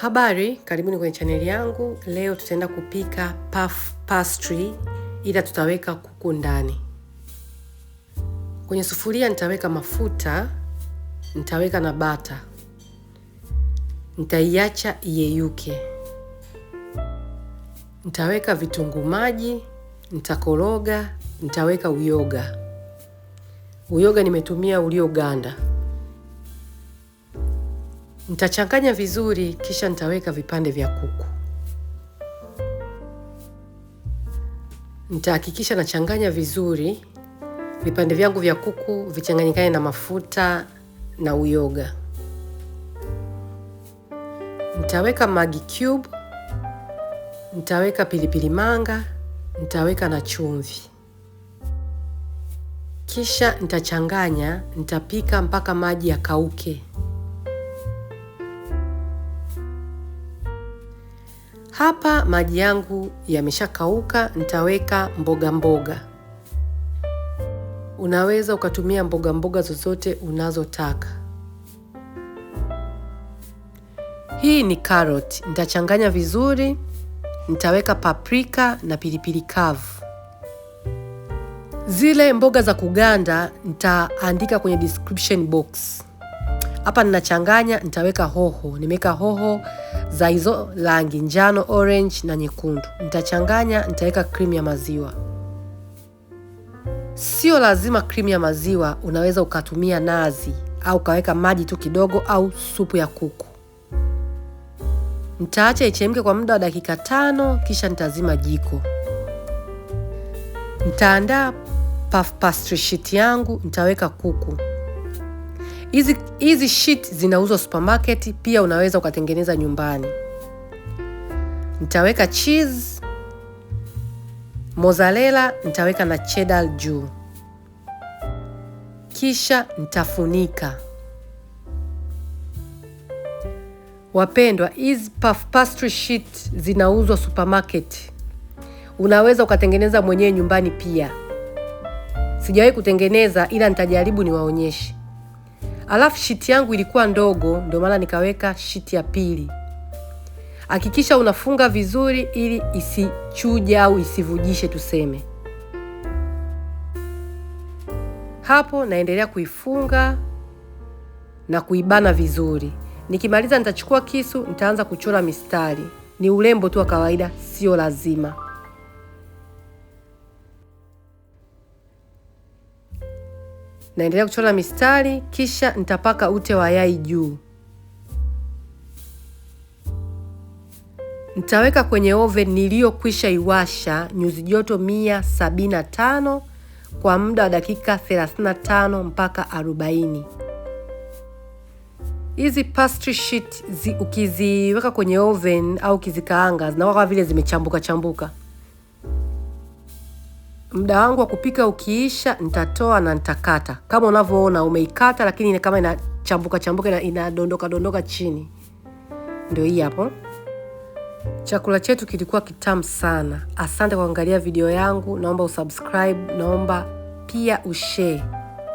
Habari, karibuni kwenye chaneli yangu. Leo tutaenda kupika puff pastry, ila tutaweka kuku ndani. Kwenye sufuria nitaweka mafuta, nitaweka na bata, nitaiacha iyeyuke. Nitaweka vitunguu maji, nitakoroga, nitaweka uyoga. Uyoga nimetumia ulioganda. Nitachanganya vizuri kisha nitaweka vipande vya kuku. Nitahakikisha nachanganya vizuri vipande vyangu vya kuku vichanganyikane na mafuta na uyoga. Nitaweka magi cube, nitaweka pilipili manga, nitaweka na chumvi, kisha nitachanganya. Nitapika mpaka maji yakauke. Hapa maji yangu yameshakauka, nitaweka mboga mboga. Unaweza ukatumia mboga mboga zozote unazotaka. Hii ni karoti, nitachanganya vizuri. Nitaweka paprika na pilipili kavu. Zile mboga za kuganda nitaandika kwenye description box. Hapa ninachanganya, nitaweka hoho. Nimeweka hoho za hizo rangi njano, orange na nyekundu. Nitachanganya, nitaweka krimu ya maziwa. Sio lazima krimu ya maziwa, unaweza ukatumia nazi au ukaweka maji tu kidogo au supu ya kuku. Nitaacha ichemke kwa muda wa dakika tano, kisha nitazima jiko. Nitaandaa puff pastry sheet yangu, nitaweka kuku Hizi hizi sheet zinauzwa supermarket, pia unaweza ukatengeneza nyumbani. Nitaweka cheese mozzarella, nitaweka na cheddar juu, kisha nitafunika. Wapendwa, hizi puff pastry sheet zinauzwa supermarket, unaweza ukatengeneza mwenyewe nyumbani pia. Sijawahi kutengeneza ila nitajaribu niwaonyeshe alafu shiti yangu ilikuwa ndogo, ndio maana nikaweka shiti ya pili. Hakikisha unafunga vizuri ili isichuje au isivujishe tuseme. Hapo naendelea kuifunga na kuibana vizuri. Nikimaliza nitachukua kisu, nitaanza kuchora mistari. Ni urembo tu wa kawaida, sio lazima naendelea kuchora mistari, kisha nitapaka ute wa yai juu. Nitaweka kwenye oven niliyokwisha iwasha nyuzi joto mia kwa muda wa dakika 35 mpaka 40. Hizi pastry sheet ukiziweka kwenye oven au ukizikaanga zinakuwa kama vile zimechambuka chambuka. Muda wangu wa kupika ukiisha, nitatoa na nitakata kama unavyoona. Umeikata lakini ni kama inachambuka chambuka na inadondoka dondoka chini. Ndio hii hapo. Chakula chetu kilikuwa kitamu sana. Asante kwa kuangalia video yangu, naomba usubscribe, naomba pia ushare.